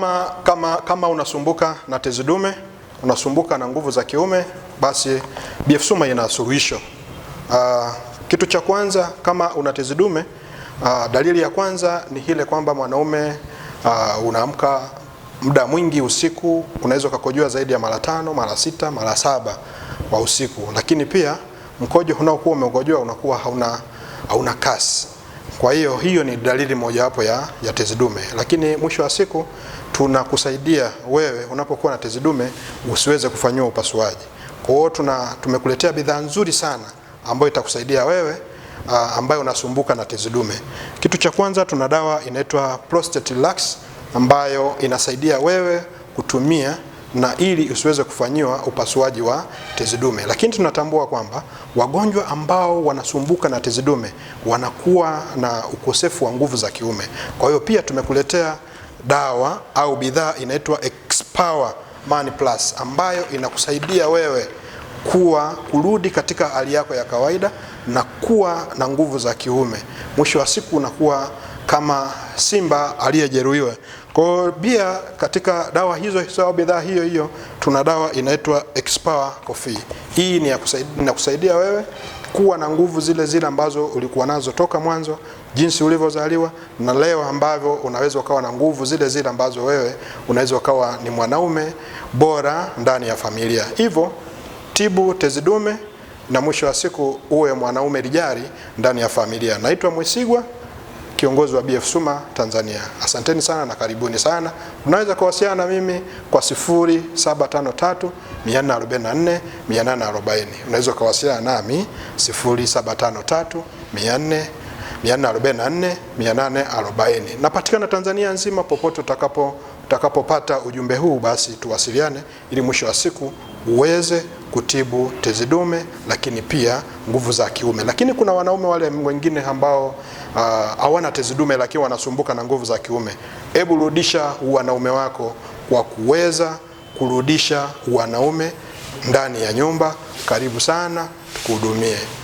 kama, kama, kama unasumbuka na tezi dume, unasumbuka na nguvu za kiume, basi BF Suma ina suluhisho. Uh, kitu cha kwanza kama una tezi dume uh, dalili ya kwanza ni ile kwamba mwanaume uh, unaamka muda mwingi usiku, unaweza ukakojoa zaidi ya mara tano, mara sita, mara saba wa usiku, lakini pia mkojo unaokuwa umekojoa unakuwa hauna, hauna kasi. Kwa hiyo hiyo ni dalili mojawapo ya, ya tezi dume, lakini mwisho wa siku tunakusaidia wewe unapokuwa na tezi dume usiweze kufanyiwa upasuaji. Kwa hiyo tuna tumekuletea bidhaa nzuri sana ambayo itakusaidia wewe ah, ambayo unasumbuka na tezi dume. Kitu cha kwanza tuna dawa inaitwa Prostate Relax ambayo inasaidia wewe kutumia na ili usiweze kufanyiwa upasuaji wa tezi dume. Lakini tunatambua kwamba wagonjwa ambao wanasumbuka na tezi dume wanakuwa na ukosefu wa nguvu za kiume. Kwa hiyo pia tumekuletea dawa au bidhaa inaitwa Xpower Man Plus ambayo inakusaidia wewe kuwa kurudi katika hali yako ya kawaida na kuwa na nguvu za kiume. Mwisho wa siku unakuwa kama simba aliyejeruhiwa. Kwa pia katika dawa hizo hizo bidhaa hiyo hiyo tuna dawa inaitwa Xpower Coffee. Hii ni ya kusaidia, kusaidia wewe kuwa na nguvu zile zile ambazo ulikuwa nazo toka mwanzo, jinsi ulivyozaliwa na leo ambavyo unaweza ukawa na nguvu zile zile ambazo wewe unaweza ukawa ni mwanaume bora ndani ya familia. Hivyo tibu tezi dume na mwisho wa siku uwe mwanaume lijari ndani ya familia. Naitwa Mwisigwa kiongozi wa BF Suma Tanzania. Asanteni sana na karibuni sana. Unaweza kuwasiliana na mimi kwa 0753 444 840. Unaweza kuwasiliana nami 0753 444 444 Napatikana Tanzania nzima, popote utakapo utakapopata ujumbe huu, basi tuwasiliane ili mwisho wa siku uweze kutibu tezi dume, lakini pia nguvu za kiume. Lakini kuna wanaume wale wengine ambao ah, hawana uh, tezi dume, lakini wanasumbuka na nguvu za kiume. Hebu rudisha wanaume wako kwa kuweza kurudisha wanaume ndani ya nyumba. Karibu sana, tukuhudumie.